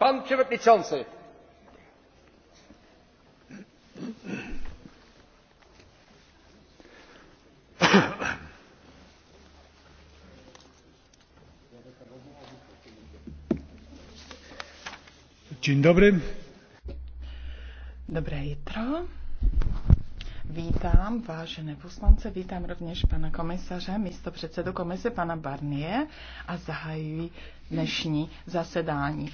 Pan przewodniczący. Dzień dobry. Dobré jitro. Vítám vážené poslance, vítám rovněž pana komisaře, místo předsedu komise pana Barnie a zahajuji dnešní zasedání.